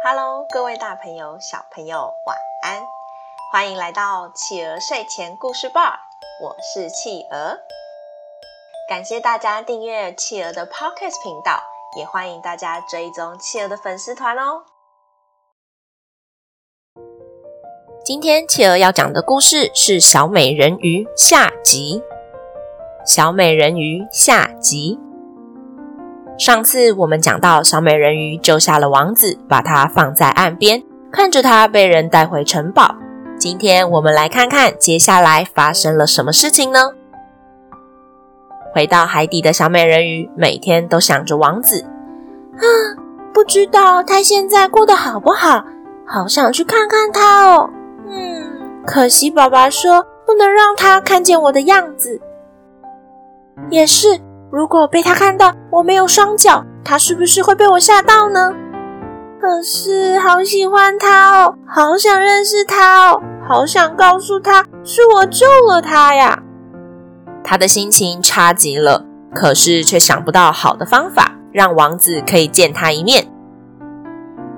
Hello，各位大朋友、小朋友，晚安！歡迎來到企鵝睡前故事吧，我是企鵝。感謝大家訂閱企鵝的 Podcast 頻道，也歡迎大家追蹤企鵝的粉絲團哦。今天企鵝要講的故事是小美人魚下集，《小美人魚》下集，《小美人魚》下集。上次我們講到小美人魚救下了王子，把他放在岸邊，看着他被人帶回城堡。今天我們來看看接下來發生了什麼事情呢？回到海底的小美人魚每天都想着王子。啊，不知道他現在過得好不好，好想去看看他哦。嗯，可惜爸爸說不能讓他看見我的樣子。也是。如果被他看到我沒有雙腳，他是不是會被我嚇到呢？可是好喜歡他哦，好想認識他哦，好想告訴他是我救了他呀。他的心情差極了，可是卻想不到好的方法讓王子可以見他一面。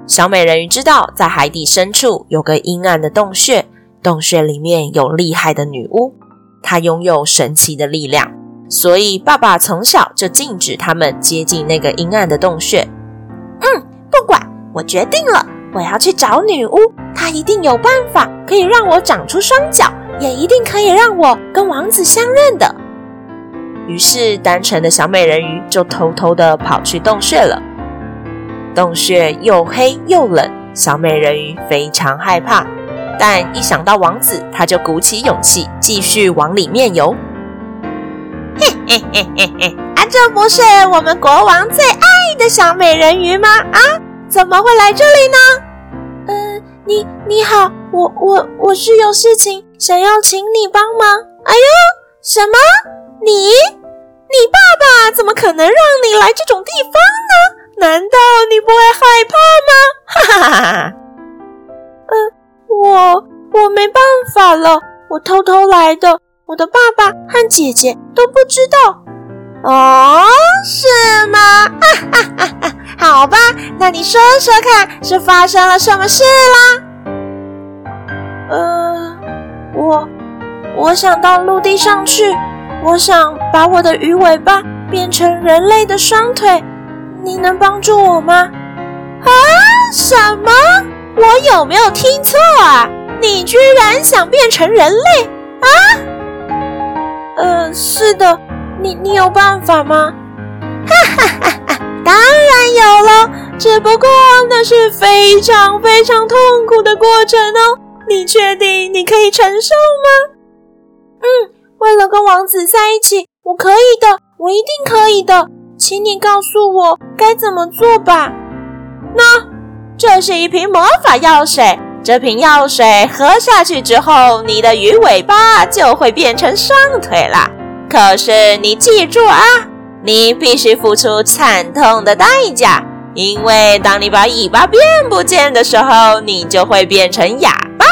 小美人魚知道，在海底深處有個陰暗的洞穴，洞穴裡面有厲害的女巫，她擁有神奇的力量。所以，爸爸從小就禁止他們接近那個陰暗的洞穴。嗯，不管，我決定了，我要去找女巫，她一定有辦法可以讓我長出雙腳，也一定可以讓我跟王子相認的。於是，單純的小美人魚就偷偷地跑去洞穴了。洞穴又黑又冷，小美人魚非常害怕，但一想到王子，她就鼓起勇氣繼續往裡面游。嘿嘿嘿嘿，啊，這不是我們國王最愛的小美人魚嗎？啊，怎麼會來這裡呢？嗯、呃，你你好，我我我是有事情想要請你幫忙。哎呦，什麼？你你爸爸怎麼可能讓你來這種地方呢？難道你不會害怕嗎？哈哈哈。嗯，我我沒辦法了，我偷偷來的。我的爸爸和姐姐都不知道哦，是嗎？哈哈哈，好吧，那你說說看，是發生了什麼事啦？呃，我我想到陸地上去，我想把我的魚尾巴變成人類的雙腿，你能幫助我嗎？啊，什麼？我有沒有聽錯啊？你居然想變成人類啊？呃，是的，你你有辦法嗎？哈哈哈哈，當然有了，只不過那是非常非常痛苦的過程哦。你確定你可以承受嗎？嗯，為了跟王子在一起，我可以的，我一定可以的。請你告訴我該怎麼做吧。那，這是一瓶魔法藥水。這瓶藥水喝下去之後，你的魚尾巴就會變成雙腿了。可是你記住啊，你必須付出慘痛的代價，因為當你把尾巴變不見的時候，你就會變成啞巴，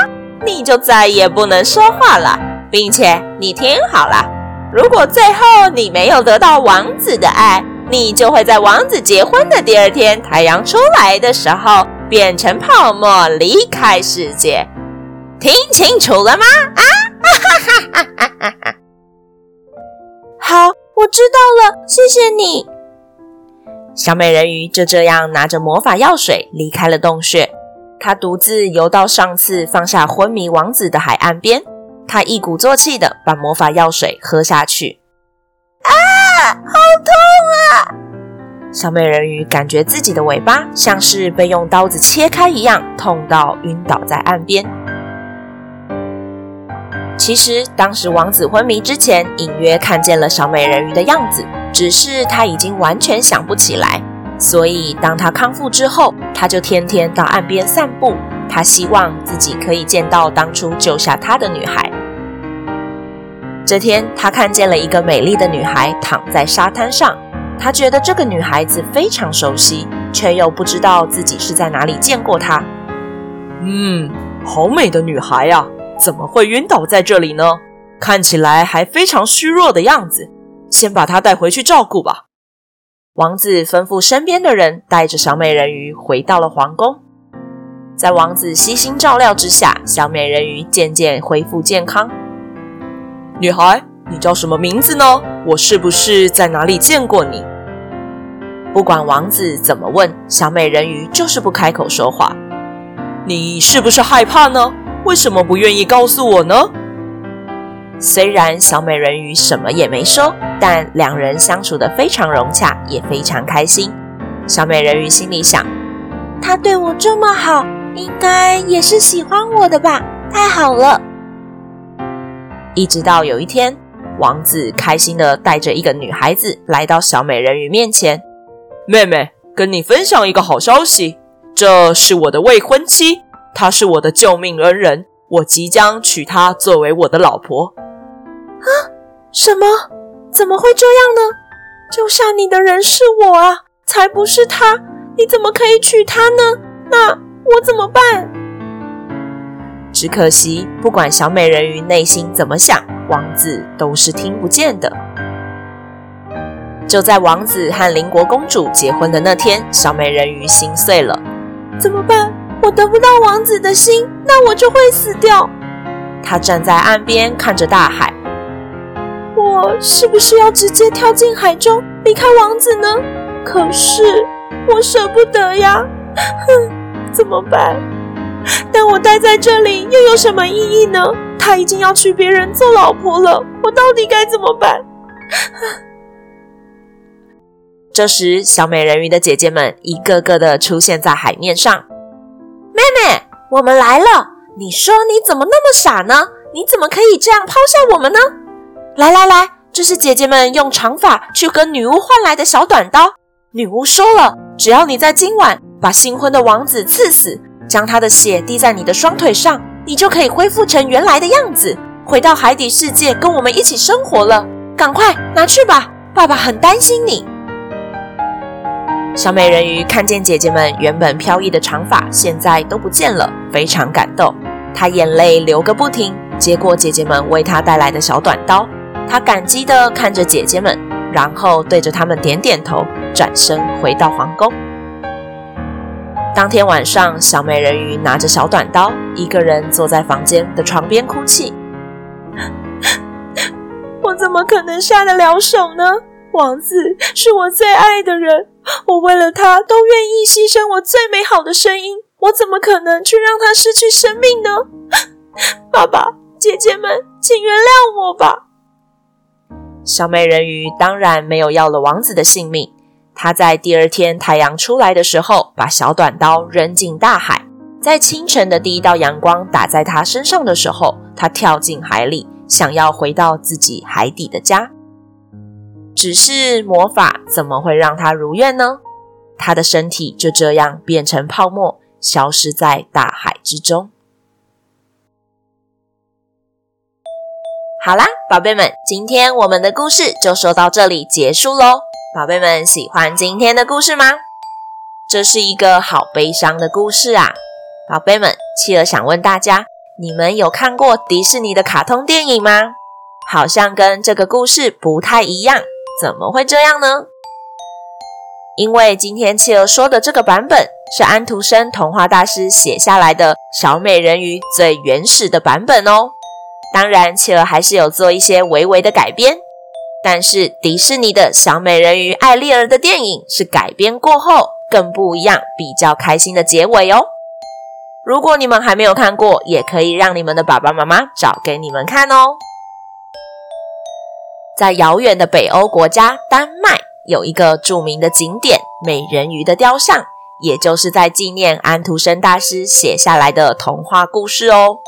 你就再也不能說話了。並且你聽好了，如果最後你沒有得到王子的愛，你就會在王子結婚的第二天太陽出來的時候。變成泡沫，離開世界，聽清楚了嗎？啊！ 好，我知道了，謝謝你。小美人魚就這樣拿着魔法藥水離開了洞穴。她獨自游到上次放下昏迷王子的海岸邊，她一鼓作氣的把魔法藥水喝下去。啊！好痛啊！小美人魚感覺自己的尾巴像是被用刀子切開一樣，痛到暈倒在岸邊。其實當時王子昏迷之前，隱約看見了小美人魚的樣子，只是他已經完全想不起來。所以當他康復之後，他就天天到岸邊散步。他希望自己可以見到當初救下他的女孩。這天，他看見了一個美麗的女孩躺在沙灘上。他覺得這個女孩子非常熟悉，卻又不知道自己是在哪裡見過她。嗯，好美的女孩呀，怎麼會暈倒在這裡呢？看起來還非常虛弱的樣子，先把她帶回去照顧吧。王子吩咐身邊的人帶着小美人魚回到了皇宮。在王子悉心照料之下，小美人魚漸漸恢復健康。女孩。你叫什麼名字呢？我是不是在哪裡見過你？不管王子怎麼問，小美人魚就是不開口說話。你是不是害怕呢？為什麼不願意告訴我呢？雖然小美人魚什麼也沒說，但兩人相處得非常融洽，也非常開心。小美人魚心裡想，他對我這麼好，應該也是喜歡我的吧？太好了！一直到有一天。王子開心地帶着一個女孩子來到小美人魚面前。妹妹，跟你分享一個好消息，這是我的未婚妻，她是我的救命恩人，我即將娶她作為我的老婆。啊，什麼？怎麼會這樣呢？救下你的人是我啊，才不是她！你怎麼可以娶她呢？那我怎麼辦？只可惜，不管小美人魚內心怎麼想，王子都是聽不見的。就在王子和鄰國公主結婚的那天，小美人魚心碎了。怎麼辦？我得不到王子的心，那我就會死掉。她站在岸邊看着大海，我是不是要直接跳進海中離開王子呢？可是我捨不得呀，哼，怎麼辦？但我待在這裡又有什麼意義呢？他已經要娶別人做老婆了，我到底該怎麼辦？ 這時，小美人魚的姐姐們一個個的出現在海面上。妹妹，我們來了！你說你怎麼那麼傻呢？你怎麼可以這樣拋下我們呢？來來來，這是姐姐們用長髮去和女巫換來的小短刀。女巫說了，只要你在今晚把新婚的王子刺死，將他的血滴在你的雙腿上，你就可以恢復成原來的樣子，回到海底世界跟我們一起生活了。趕快拿去吧，爸爸很擔心你。小美人魚看見姐姐們原本飄逸的長髮，現在都不見了，非常感動，她眼淚流個不停，接過姐姐們為她帶來的小短刀，她感激地看着姐姐們，然後對着他們點點頭，轉身回到皇宮。當天晚上，小美人魚拿着小短刀，一個人坐在房間的床邊哭泣。我怎麼可能下得了手呢？王子是我最愛的人，我為了他都願意犧牲我最美好的聲音，我怎麼可能去讓他失去生命呢？爸爸、姐姐們，請原諒我吧。小美人魚當然沒有要了王子的性命。他在第二天太陽出來的時候，把小短刀扔進大海。在清晨的第一道陽光打在他身上的時候，他跳進海裡，想要回到自己海底的家。只是魔法怎麼會讓他如願呢？他的身體就這樣變成泡沫，消失在大海之中。好啦，寶貝們，今天我們的故事就說到這裡結束嘍。寶貝們喜歡今天的故事嗎？這是一個好悲傷的故事啊！寶貝們，企鵝想問大家，你們有看過迪士尼的卡通電影嗎？好像跟這個故事不太一樣，怎麼會這樣呢？因為今天企鵝說的這個版本是安徒生童話大師寫下來的《小美人魚》最原始的版本哦。當然，企鵝還是有做一些微微的改編。但是迪士尼的小美人魚愛麗兒的電影是改編過後更不一樣，比較開心的結尾哦。如果你們還沒有看過，也可以讓你們的爸爸媽媽找給你們看哦。在遙遠的北歐國家丹麥，有一個著名的景點——美人魚的雕像，也就是在紀念安徒生大師寫下來的童話故事哦。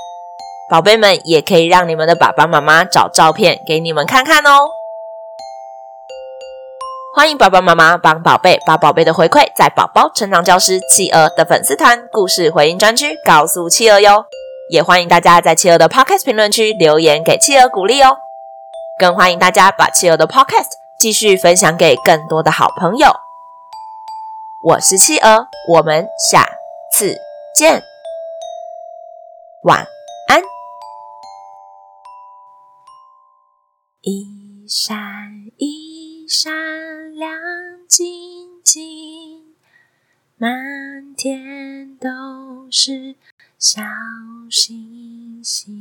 寶貝們也可以讓你們的爸爸媽媽找照片給你們看看哦。歡迎爸爸媽媽幫寶貝把寶貝的回饋，在寶寶成長教室企鵝的粉絲團故事回應專區告訴企鵝喲，也歡迎大家在企鵝的 podcast 評論區留言給企鵝鼓勵喲，更歡迎大家把企鵝的 podcast 繼續分享給更多的好朋友。我是企鵝，我們下次見，晚安，一閃一閃。亮晶晶，滿天都是小星星。